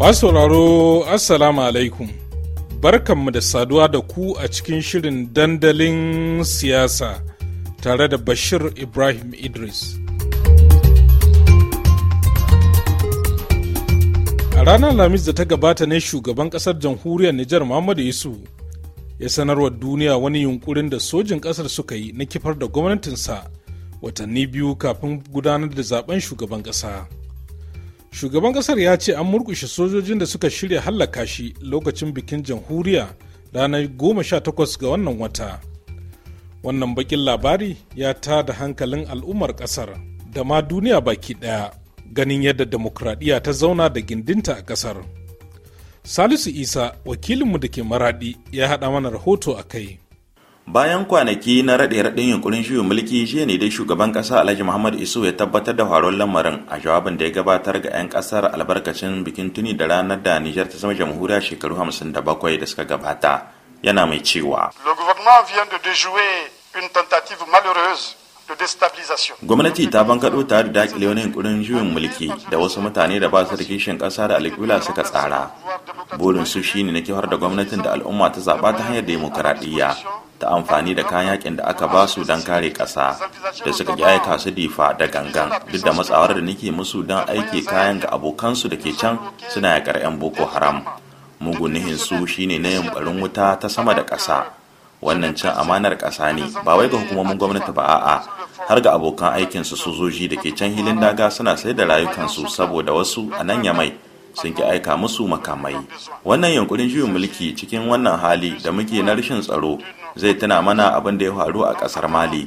Masu sauraro Assalamu alaikum. Barkanmu da saduwa da ku a cikin shirin dandalin siyasa tare da Bashir Ibrahim Idris. A ranar Lamis da ta gabata ne shugaban kasar jamhuriyar Nijar Muhammadu Yusuf ya sanarwa duniya wani yunkurin da sojin kasar suka yi na kifar da gwamnatinsa watanni biyu kafin gudanar da zaben shugaban kasa. shugaban kasar ya ce an murkushe sojojin da suka shirya hallaka shi lokacin bikin jamhuriya ranar goma sha takwas ga wannan wata wannan bakin labari ya ta da hankalin al'ummar kasar da ma duniya baki daya ganin yadda demokradiyya ta zauna da gindinta a kasar salisu isa wakilinmu da ke maradi ya haɗa mana rahoto a kai bayan kwanaki na raɗe-raɗin yunkurin juyin mulki jiya ne dai shugaban ƙasa alhaji muhammad isu ya tabbatar da faruwar lamarin a jawabin da ya gabatar ga 'yan ƙasar albarkacin bikin tuni da ranar da nijar ta zama jamhuriya shekaru 57 da suka gabata yana mai cewa le gouvernement vient de déjouer une tentative malheureuse Gwamnati ta bankaɗo tare da dakile wani yunkurin juyin mulki da wasu mutane da ba su da kishin ƙasa da alƙibla suka tsara. Burin su shine na kifar da gwamnatin da al'umma ta zaba ta hanyar demokaradiyya ta amfani da kayan yakin da aka ba su don kare ƙasa da suka ki aika su difa da gangan duk da matsawar da nake musu don aiki kayan ga abokansu da ke can suna yakar 'yan boko haram. Mugun nihin su shine na yin barin wuta ta sama da ƙasa wannan cin amanar ƙasa ne ba wai ga hukumomin gwamnati ba a'a har ga abokan aikinsu sojoji da ke can hilin daga suna sai da rayukansu saboda wasu a nan ya mai, sun ki aika musu makamai wannan yankurin juyin mulki cikin wannan hali da muke na rashin tsaro zai tuna mana abin da ya faru a ƙasar mali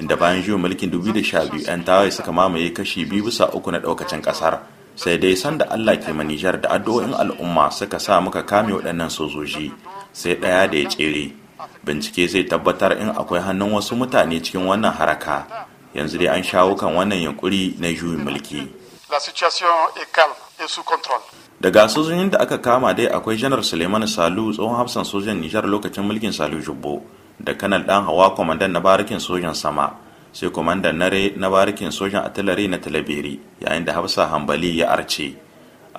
inda bayan juyin mulkin 2012 'yan tawaye suka mamaye kashi biyu bisa uku na ɗaukacin ƙasar sai dai sanda allah ke manijar da addu'o'in al'umma suka sa muka kame waɗannan sojoji sai ɗaya da ya tsere bincike zai tabbatar in akwai hannun wasu mutane cikin wannan haraka yanzu dai an shawo kan wannan yunkuri na juyin mulki daga sojojin da aka kama dai akwai janar suleiman salu tsohon hafsan sojan nijar lokacin mulkin salu jubbo da kanal dan hawa kwamandan na barikin sojan sama sai kwamandan re na barikin sojan atilare na talabiri yayin da hafsa hambali ya arce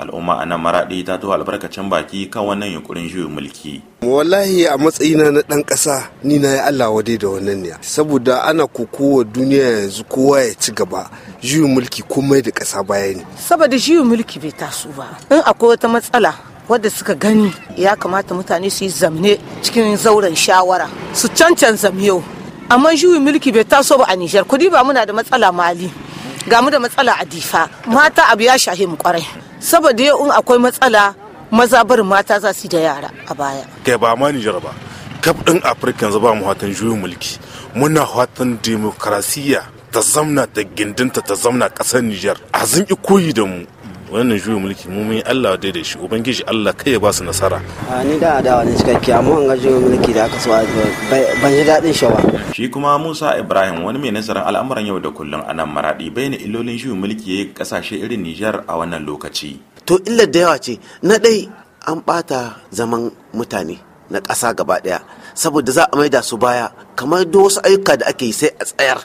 al'umma a nan maraɗi ta tuwa albarkacin baki kan wannan yunkurin juyin mulki. wallahi a matsayina na dan ƙasa ni na yi Allah wadai da wannan ne saboda ana kokowa duniya yanzu kowa ya ci gaba juyin mulki komai da ƙasa baya ne. saboda juyin mulki bai taso ba in akwai wata matsala wadda suka gani ya kamata mutane su yi zamne cikin zauren shawara su cancan zamiyo amma juyin mulki bai taso ba a Nijar kudi ba muna da matsala mali. ga mu da matsala a difa mata abu ya shahe mu kwarai saboda yau in akwai matsala maza barin mata za su da yara a baya kai ba ma Nijar ba kaf din Afirka yanzu ba mu hatan juyin mulki muna hatan demokrasiya ta zamna ta gindinta ta zamna kasar Nijar azin koyi da mu wannan juyin mulki mu mun Allah dai da shi ubangiji Allah kai ya ba su nasara a ni da adawa ne cikakke amma an ga juyin mulki da aka so ban ji dadin shi ba shi kuma Musa Ibrahim wani mai nazarin al'amuran yau da kullun a nan maradi bayyana ilolin juyin mulki yayin kasashe irin Niger a wannan lokaci to illar da yawa ce na dai an bata zaman mutane na ƙasa gaba ɗaya saboda za a maida su baya kamar da wasu ayyuka da ake yi sai a tsayar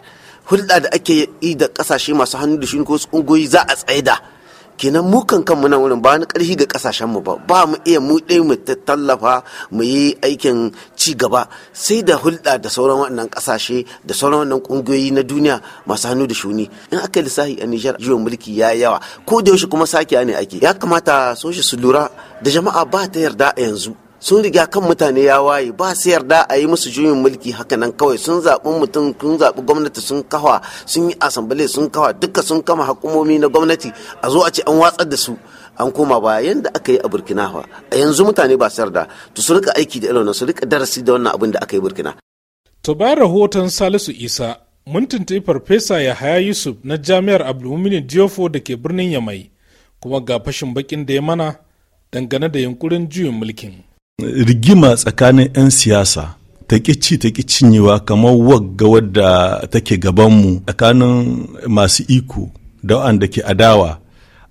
hulɗa da ake yi da ƙasashe masu hannu da shi ko su ƙungoyi za a tsaida kenan mu kan kanmu nan wurin ba wani karfi ga kasashen mu ba ba mu iya mu dai mu tallafa mu yi aikin ci gaba sai da hulɗa da sauran wannan kasashe da sauran wannan kungiyoyi na duniya masu hannu da shuni in aka lissafi a Nijar juyin mulki ya yawa ko da yaushe kuma sakiya ne ake ya kamata soshi su lura da jama'a ba ta yarda a yanzu sun riga kan mutane ya waye ba su yarda a yi musu juyin mulki haka nan kawai sun zaɓi mutum sun zaɓi gwamnati sun kawa sun yi asambale sun kawa duka sun kama hukumomi na gwamnati a zo a ce an watsar da su an koma ba yadda aka yi a burkina a yanzu mutane ba su yarda to su rika aiki da irin su rika darasi da wannan abin da aka yi burkina. to bayan rahoton salisu isa mun tuntuɓi farfesa yahaya yusuf na jami'ar abdulmuminin diofo da ke birnin yamai kuma ga fashin bakin da ya mana dangane da yunkurin juyin mulkin. rigima tsakanin 'yan siyasa ta ci ta cinyewa kamar wagga wadda take gabanmu tsakanin masu iko da wanda ke adawa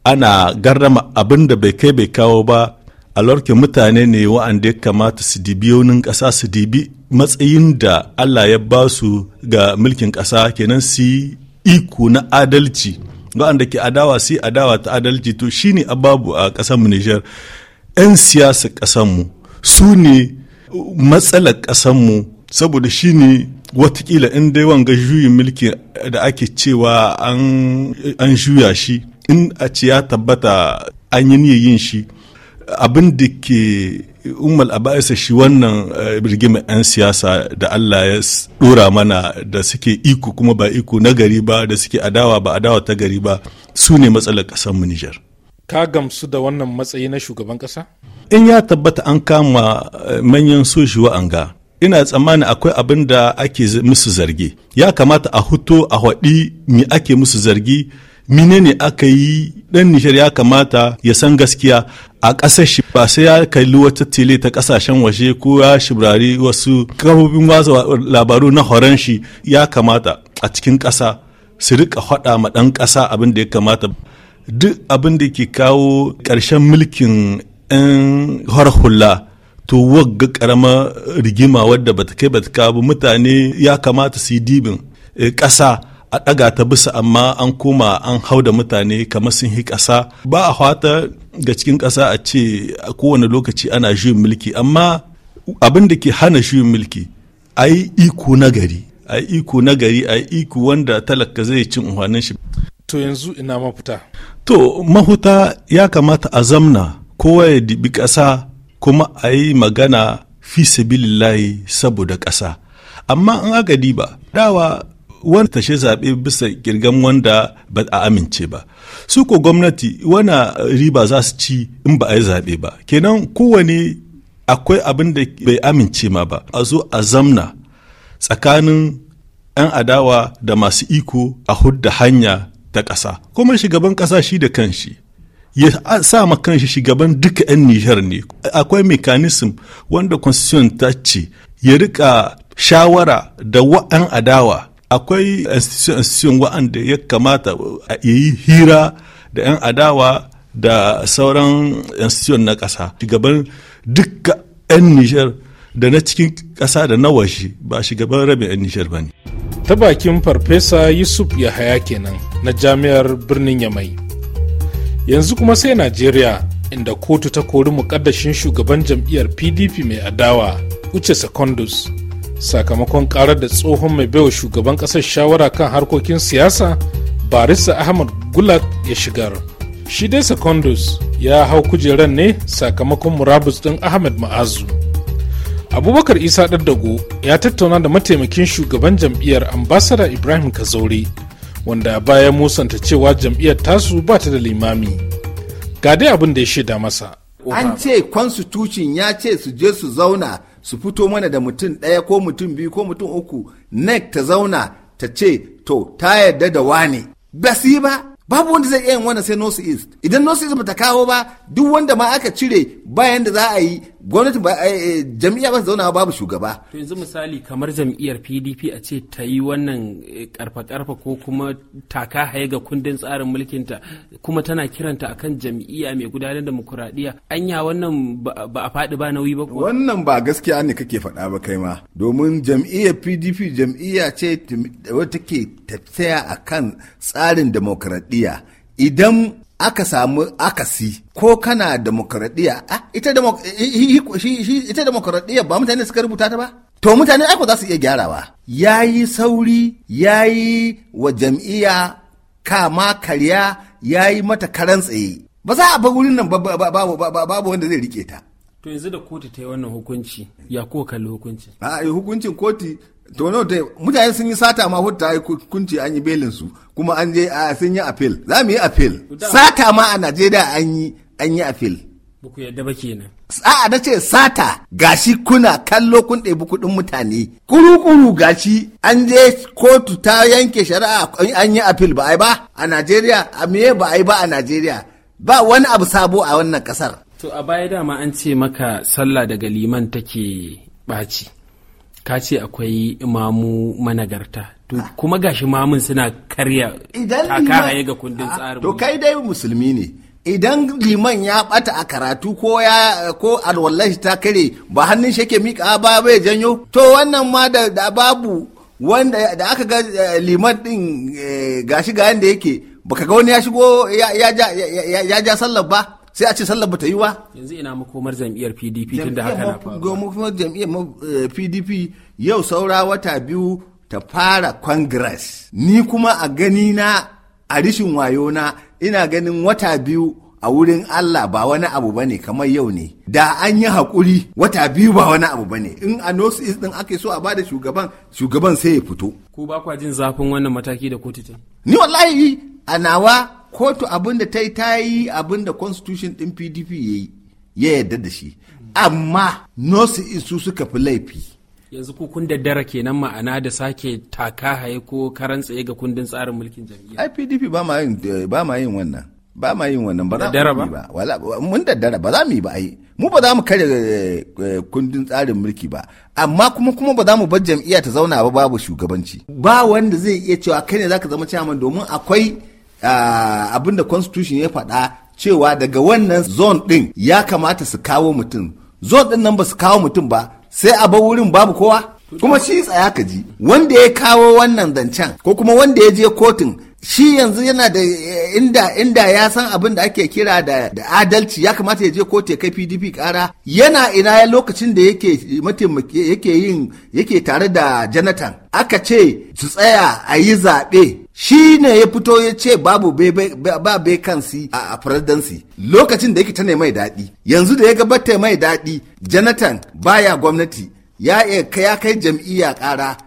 ana garrama abin da bai kai bai kawo ba a lorke mutane ne wa'anda ya kamata su dibi yaunin ƙasa su dibi matsayin da Allah ya ba su ga mulkin ƙasa kenan su iko na adalci wa'anda ke adawa su yi adawa ta adalci to shine ababu a ƙasar Nijar 'yan siyasa ƙasar su ne matsalar ƙasanmu saboda shi ne watakila in dai wanga juyin mulki da ake cewa an juya shi in a ce ya tabbata an yi yin shi abin da ke umar aba'isa shi wannan eh, rigimar 'yan siyasa da allah ya dora mana da suke iko kuma ba iko na gari ba da suke adawa ba adawa ta gari ba su ne matsalar ƙasar mu nijar ka gamsu da wannan matsayi na shugaban ƙasa in ya tabbata an kama eh, manyan soji anga. ina tsammani akwai abin da ake musu zargi ya kamata a huto a haɗi me ake musu zargi mine ne aka yi ɗan nishar ya kamata ya san gaskiya a ƙasar shi ba sai ya kalli wata tele ta ƙasashen waje ko ya shibrari wasu kafofin watsa labaru na horon shi ya kamata a cikin ƙasa su riƙa haɗa ma ɗan ƙasa abin da ya kamata duk abin da ke kawo ƙarshen mulkin 'yan har hula to wagga karama rigima wadda bata kai bata kabu mutane ya kamata su yi dibin eh, ƙasa a ɗaga ta bisa amma an koma an hau da mutane kamar sun yi ƙasa ba a hwata ga cikin ƙasa a ce a kowane lokaci ana juyin mulki amma abin da ke hana juyin mulki a yi iko na gari a yi iko na gari a yi iko wanda talaka zai cin umarnin shi to yanzu ina mafuta to mahuta ya kamata a zamna kowa ya dibi ƙasa kuma a yi magana fi sabilillahi saboda ƙasa amma in aka diba dawa wani tashe zaɓe bisa kirgan wanda ba a amince ba su ko gwamnati wana riba za su ci in ba a yi zaɓe ba kenan kowane akwai abin da bai amince ma ba a zo a zamna tsakanin 'yan adawa da masu iko a hudda hanya ta ƙasa kuma shugaban ƙasa shi da kanshi ya sa ma kanshi shugaban duka 'yan Nijar ne. Akwai mekanism wanda constitution ta ce ya rika shawara da wa'an adawa. Akwai institution wa'anda ya kamata ya yi hira da 'yan adawa da sauran institution na ƙasa. Shugaban duka 'yan Nijar da na cikin kasa da na waje ba shugaban rabin 'yan Nijar ba ne. Ta bakin Farfesa Yusuf Yahaya kenan na Jami'ar Birnin Yamai. yanzu kuma sai najeriya inda kotu ta kori mukaddashin shugaban jam'iyyar pdp mai adawa uche secondus sakamakon karar da tsohon mai baiwa shugaban kasar shawara kan harkokin siyasa barista ahmad gulak ya shigar shi dai secondus ya hau kujeran ne sakamakon murabus din ahmad ma'azu abubakar isa daddago ya tattauna da mataimakin shugaban jam'iyyar ambasada ibrahim kazori wanda bayan musanta cewa jam'iyyar tasu ba ta da limami ga dai abin da ya shaida masa an ce constitution ya ce su je su zauna su fito mana da mutum ɗaya ko mutum biyu ko mutum uku nec ta zauna ta ce to ta yarda da wane ba su yi ba babu wanda zai iya yin wannan sai north east idan north east ta kawo ba duk wanda ma aka cire ba yadda za a yi gwamnati eh, eh, jam'iyya ba su zauna babu shugaba. To yanzu misali kamar jam'iyyar PDP a ce ta yi wannan eh, karfa-karfa ko kuma taka haye ga kundin tsarin mulkinta kuma tana kiranta akan jam'iyya mai gudanar da mukuraɗiyya anya wannan ba a faɗi ba nauyi ba ko. Wannan ba gaskiya ne kake faɗa ba kai ma domin jam'iyyar PDP jam'iyya ce wadda take tafiya akan tsarin demokradiyya idan aka samu akasi ko kana demokradiyya ah, ita demokradiyya ba mutane suka rubuta ta ba to mutane aiko za su iya gyarawa ya yi sauri ya yi wa jam'iyya kama karya ya yi mata karan tsaye ba za a ba wurin nan babu wanda zai rike ta to yanzu da kotu ta yi wannan hukunci ya kowa kalli hukunci? a hukuncin kotu to no te mutane sun yi sata ma hutta ai kunci an yi belin su kuma an je sun yi appeal za mu yi appeal sata ma a Najeriya an yi an yi appeal ba yadda ba kenan a'a na ce sata gashi kuna kallo kun ɗebi kuɗin mutane kuru-kuru gashi an je kotu ta yanke shari'a an yi appeal ba ai ba a Najeriya a me ba ai ba a Najeriya ba wani abu sabo a wannan kasar to a baya dama an ce maka sallah daga liman take ɓaci ka ce akwai imamu managarta to kuma gashi mamun suna karya haye ga kundin ah, tsarin to kai dai musulmi ne idan liman ya bata a karatu ko ya ko alwallahi ta kare ba hannun shi yake mika ba ya janyo to wannan ma da, da babu wanda da aka ga eh, liman din eh, gashi ga yanda yake baka ga wani ya shigo ya ja sallar ba sai a ce sallar ba ta yi wa yanzu ina makomar jam'iyyar pdp tun da haka na faru makomar jam'iyyar pdp eh, yau saura wata biyu ta fara congress ni kuma a gani na a rishin wayo na ina ganin wata biyu a wurin Allah ba wani abu ba ne kamar yau ne da an yi haƙuri wata biyu ba wani abu ba ne in a nosu is din ake so a bada shugaban shugaban sai ya fito ku ba kwa jin zafin wannan mataki da kotu ni wallahi a nawa kotu abin da ta yi ta yi abin da constitution din pdp ya yi ya yarda da shi amma nosu isu suka fi laifi yanzu ku kun daddara kenan ma'ana da sake taka haye ko karan tsaye ga kundin tsarin mulkin jam'iyya ai pdp ba ma yin ba ma yin wannan ba ma yin wannan ba daddara ba wala mun daddara ba za mu yi ba ai mu ba za mu kare eh, kundin tsarin mulki ba amma kuma kuma ba za mu bar jam'iyya ta zauna ba babu shugabanci ba wanda zai iya cewa kai ne zaka zama chairman domin akwai abinda constitution ya faɗa cewa daga wannan zone ɗin ya kamata su kawo mutum zone ɗin nan ba su kawo mutum ba sai a bar wurin babu kowa kuma shi tsaya ka ji wanda ya kawo wannan zancen ko kuma wanda ya je kotun shi yanzu yana da eh, inda inda ya san abin da ake kira da, da adalci ya kamata ya je kotu ya kai PDP kara yana ina ya lokacin da yake mataimaki yake yin yake tare da Jonathan aka ce su tsaya a yi zaɓe shi ne ya fito ya ce babu ba kansi a faradansi lokacin da yake ta mai daɗi yanzu da ya gabata mai daɗi jonathan baya gwamnati ya ya kai jam'iyya ƙara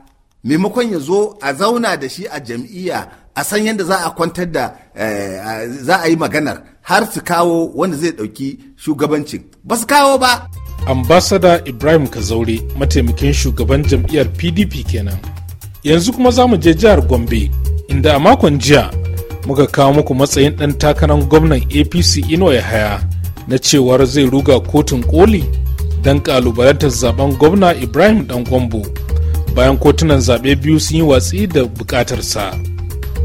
maimakon ya zo a zauna da shi a jam'iyya a san yadda za a kwantar da eh, za a yi maganar har su kawo wanda zai ɗauki shugabancin ba su kawo ba ambasada ibrahim kazaure mataimakin shugaban jam'iyyar pdp kenan yanzu kuma za mu je jihar gombe inda a makon jiya muka kawo muku matsayin ɗan takarar gwamnan apc ino ya haya na cewar zai ruga kotun koli don kalubalantar zaben gwamna ibrahim dan gombo bayan kotunan zaɓe biyu sun yi watsi da bukatarsa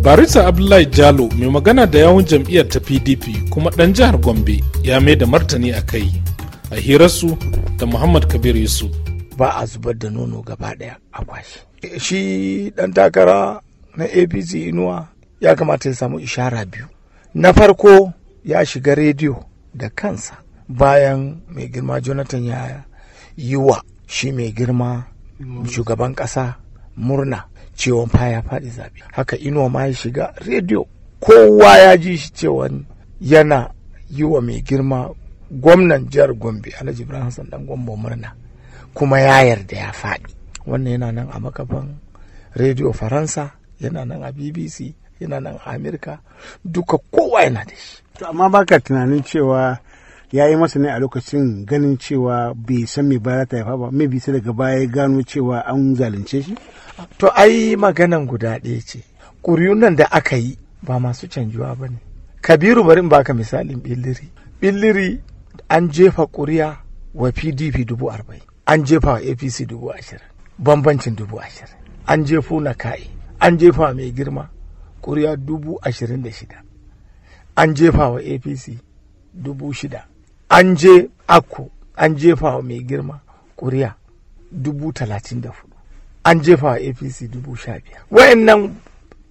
Barisa abdullahi jalo mai magana da yawon jam'iyyar ta pdp kuma ɗan jihar gombe ya mai da martani a kai a hirarsu da muhammad kabir yusuf ba a zubar da nono gaba ɗaya a kwashi shi ɗan takara na apc inuwa ya kamata ya samu ishara biyu na farko ya shiga rediyo da kansa bayan mai girma jonathan ya yi wa shi mai girma shugaban ƙasa murna cewa fa ya faɗi zaɓe haka inuwa ma ya shiga rediyo kowa ya ji shi cewa yana yi wa mai girma gwamnan jihar gombe alhaji ibrahim hassan dan gombe murna kuma ya yarda ya faɗi wannan yana nan a makafan rediyo faransa yana nan a bbc yana nan a amerika duka kowa yana da shi to amma baka tunanin cewa ya yi masa ne a lokacin ganin cewa bai san me ba ta haifa ba mai bisa daga baya ya gano cewa an zalunce shi to ai maganan guda ɗaya ce kuriyun nan da aka yi ba masu canjuwa ba ne kabiru bari in baka misalin billiri billiri an jefa ƙuriya wa pdp dubu arba'in an jefa wa apc dubu ashirin bambancin dubu ashirin an jefo na ka'i an jefa mai girma ƙuri'a dubu ashirin da shida an jefa wa apc dubu shida an je akko an jefa wa mai girma ƙuri'a dubu talatin da hudu an jefa wa apc dubu sha biyar wayannan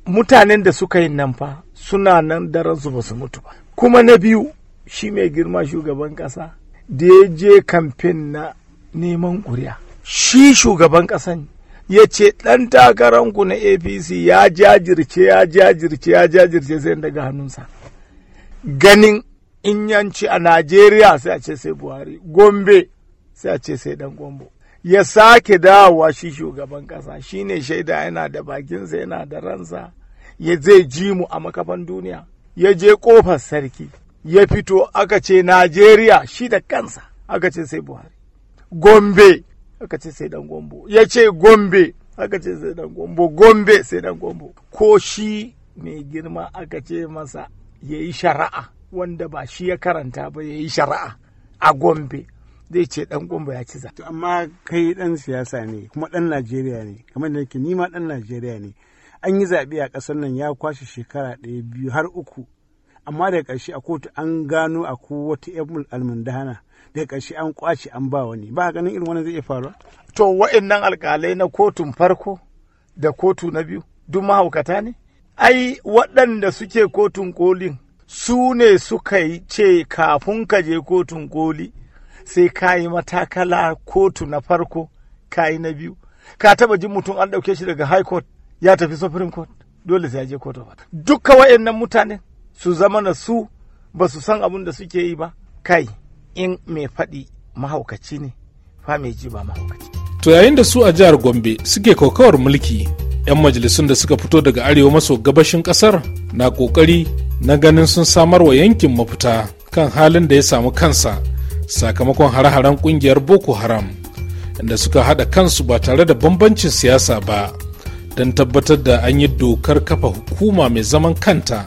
mutanen da suka yi nan fa suna nan daren su ba mutu ba kuma na biyu shi mai girma shugaban ƙasa da ya je kamfen na neman ƙuri'a shi shugaban ƙasan ya ce ɗan takaranku na apc ya jajirce ya jajirce ya jajirce sai daga hannunsa ganin in yanci a najeriya sai a ce sai buhari gombe sai a ce sai dan gombo ya sake dawowa shi shugaban ƙasa shine shaida yana da bakinsa yana da ransa ya zai ji mu a makafan duniya ya je ƙofar sarki ya fito aka ce najeriya shi da kansa aka ce sai buhari gombe aka ce sai dan gombo ya ce gombe aka ce sai dan gombo gombe sai dan gombo ko shi mai girma aka ce masa ya yi shari'a wanda ba shi ya karanta ba ya yi shari'a a gombe zai ce dan gombe ya ci za. amma kai dan siyasa ne kuma dan najeriya ne kamar da ni nima dan najeriya ne an yi zaɓe a ƙasar nan ya kwashe shekara ɗaya biyu har uku amma daga ƙarshe a kotu an gano a wata yan almundana daga ƙarshe an kwace an ba wani ba ganin irin wani zai iya faruwa to wa'annan alƙalai na kotun farko da kotu na biyu duk mahaukata ne ai waɗanda suke kotun kolin su ne suka yi ce kafin ka je kotun koli sai ka yi matakala kotu na farko ka yi na biyu ka taba jin mutum an ɗauke shi daga high court ya tafi supreme court dole sai ya je kotu of dukka wayannan mutanen su zama da su ba su san abin da suke yi ba kai in mai faɗi mahaukaci ne fa mai ji ba mahaukaci. To yayin da su a jihar Gombe suke kokawar mulki 'yan majalisun da suka fito daga arewa maso gabashin kasar na kokari na ganin sun samar wa yankin mafita kan halin da ya samu kansa sakamakon hare-haren kungiyar boko haram da suka haɗa kansu ba tare da bambancin siyasa ba don tabbatar da an yi dokar kafa hukuma mai zaman kanta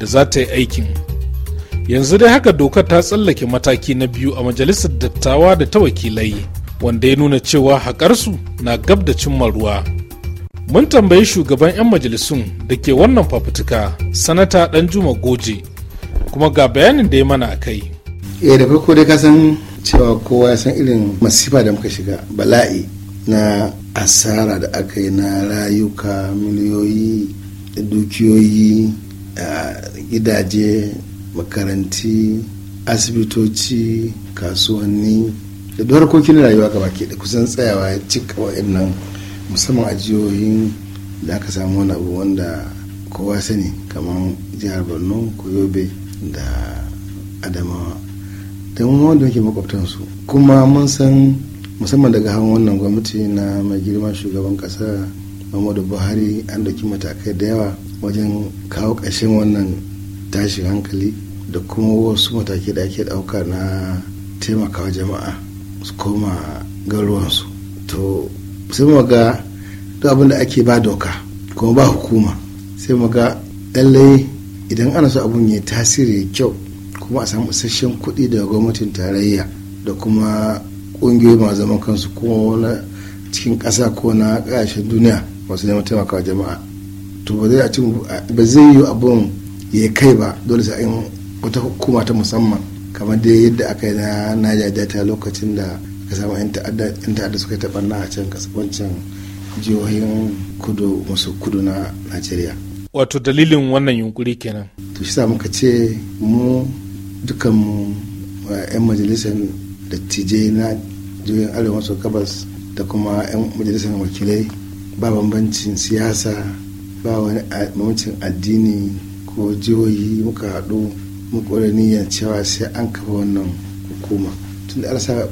da za ta yi aikin yanzu dai haka dokar ta tsallake mataki na biyu a majalisar dattawa da ta wakilai wanda ya nuna cewa haƙarsu na gab da cimma ruwa mun tambayi shugaban 'yan majalisun da ke wannan fafutuka sanata juma goje kuma ga bayanin da ya mana a kai eh da dai ka cewa kowa ya san irin masifa da muka shiga bala'i na asara da aka yi na rayuka miliyoyi da dukiyoyi gidaje makaranti asibitoci kasuwanni da harkokin rayuwa gaba ke da kusan tsayawa ya cika wa'annan musamman a jihohin da aka samu wani abu wanda kowa sani kamar jihar borno ko yobe da adamawa da wanda muke makwabtansu kuma mun san musamman daga hannun wannan gwamnati na mai girma shugaban kasa muhammadu buhari an matakai da yawa wajen kawo ƙashin wannan tashin hankali da kuma wasu matake da ake ɗauka na taimakawa jama'a su koma garuwansu to sai mu ga duk abin da ake ba doka kuma ba hukuma sai mu ga lallai idan ana so abun ya tasiri kyau kuma a samu isasshen kuɗi daga gwamnatin tarayya da kuma ƙungiyoyi masu zaman kansu kuma wani cikin ƙasa ko na ƙasashen duniya masu neman taimakawa jama'a to ba zai a ci ba zai yi abun ya kai ba dole sai in wata hukuma ta musamman kamar dai yadda aka yi na naja ta lokacin da aka samu yan ta'adda suka yi ta barna a can wancan jihohin kudu masu kudu na najeriya wato dalilin wannan yunkuri kenan to shi muka ce mu dukanmu yan majalisar dattijai na jihohin arewa maso gabas da kuma yan majalisar wakilai ba bambancin siyasa ba wani mamacin addini ko jihohi muka haɗu muka wani niyyar cewa sai an kafa wannan hukuma tun da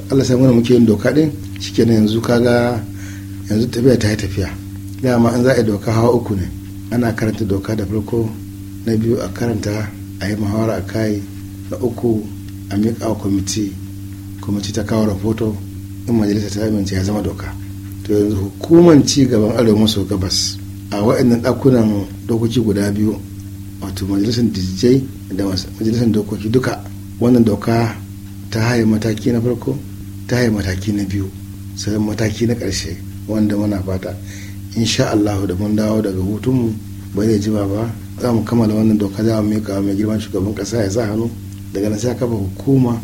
allah sa mana muke yin doka ɗin kenan yanzu kaga yanzu tafiya ta yi tafiya dama an za a yi doka hawa uku ne ana karanta doka da farko na biyu a karanta a yi muhawara a kai na uku a miƙa wa kwamiti kwamiti ta kawo rahoto in majalisa ta ya zama doka to yanzu hukumar ci gaban arewa maso gabas a waɗannan ɗakunan dokoki guda biyu wato majalisar dijijai da majalisar dokoki duka wannan doka ta haye mataki na farko ta haye mataki na biyu sai mataki na ƙarshe wanda muna fata insha allahu da mun dawo daga hutunmu ba zai jima ba za mu kammala wannan doka za mu miƙa mai girman shugaban ƙasa ya sa hannu daga nan sai kafa hukuma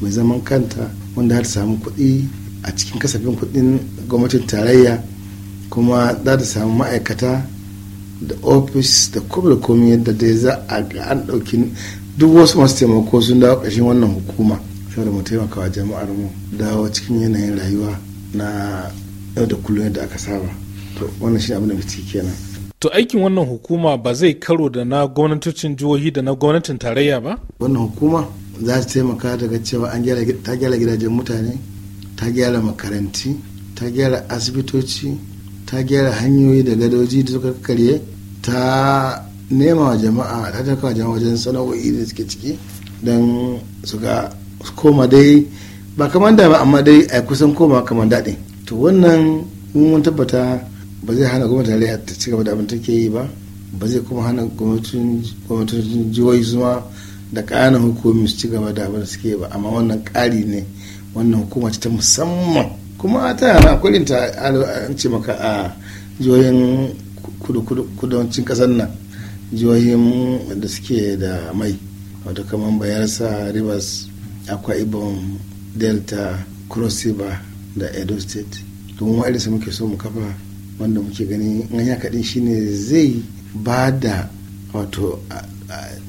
mai zaman kanta wanda har ta samu kuɗi a cikin kasafin kuɗin gwamnatin tarayya kuma za ta samu ma'aikata da ofis da kuma da komi yadda dai za a ga an ɗauki duk wasu masu taimako sun dawo ƙarshen wannan hukuma saboda mu taimaka wa jama'ar mu dawo cikin yanayin rayuwa na yau da kullum yadda aka saba to wannan shi abin da muke kenan to aikin wannan hukuma ba zai karo da na gwamnatocin jihohi da na gwamnatin tarayya ba wannan hukuma za ta taimaka daga cewa an ta gyara gidajen mutane ta gyara makaranti ta gyara asibitoci ta gyara hanyoyi da gadoji da suka karye ta nema wa jama'a ta taka jama'a wajen sana'o'i da suke ciki don su ga koma dai ba kamar da ba amma dai a kusan koma kamar daɗi to wannan mun tabbata ba zai hana gwamnati tarayya ta ci gaba da abin take yi ba ba zai kuma hana gwamnatin jihohi zuma da ƙananan hukumomi su ci gaba da abin da suke ba amma wannan ƙari ne wannan hukuma ta musamman kuma ta yana akwai ta an ce maka a jihohin kudancin kasar nan jihohin da suke da mai wato kamar bayarsa rivers akwa ibom delta cross da edo state domin wa'ida su muke so mu kafa wanda muke gani an ya kaɗin shine zai ba da wato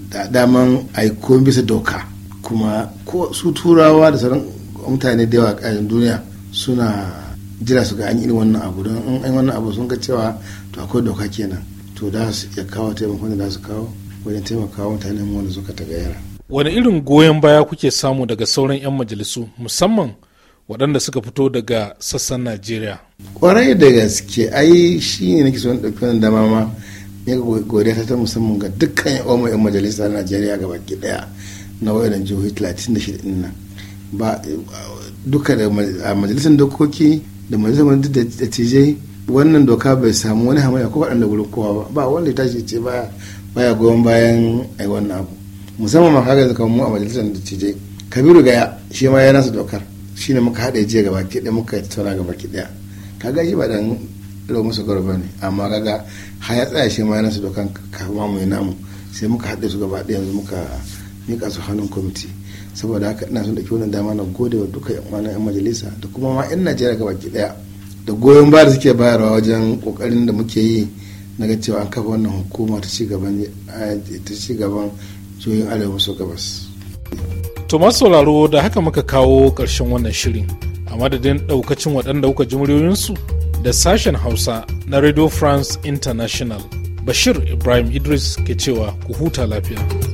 da daman aiko bisa doka kuma ko su turawa da sauran mutane da yawa a duniya suna jira su ga an yi wannan abu don in an wannan abu sun ga cewa to akwai doka kenan to da su ya kawo taimakon da su kawo wajen taimakawa mutane wanda suka tagayyara. wani irin goyon baya kuke samu daga sauran 'yan majalisu musamman waɗanda suka fito daga sassan najeriya kwarai da gaske ai shi ne nake son ɗauki wannan dama ma godiya ta ta musamman ga dukkan 'yan majalisa na najeriya gaba ɗaya na wayannan jihohi 36 ɗin nan ba duka da a majalisar dokoki da majalisar da tije wannan doka bai samu wani hamaya ko faɗan da kowa ba ba wanda ya tashi ce baya baya goyon bayan ai wannan abu musamman ma kaga zaka mu a majalisar da tije kabiru gaya shi ma ya nasa dokar ne muka haɗa jiya gaba ke ɗaya muka tattauna gaba ke ɗaya kaga shi ba dan ɗau musu garba ne amma kaga har ya tsaya shi ma ya nasa dokan kafin mu yi namu sai muka haɗe su gaba ɗaya yanzu muka miƙa su hannun kwamiti saboda haka ina son da wannan dama na gode wa duka yan uwana yan majalisa da kuma ma yan najeriya gabaki daya da goyon baya da suke bayarwa wajen kokarin da muke yi na ga cewa an kafa wannan hukuma ta cigaban eh, ta cigaban jihohin arewa maso gabas. to sauraro da haka muka kawo ƙarshen wannan shirin a madadin ɗaukacin waɗanda kuka ji muryoyinsu da sashen hausa na radio france international bashir ibrahim idris ke cewa ku huta lafiya.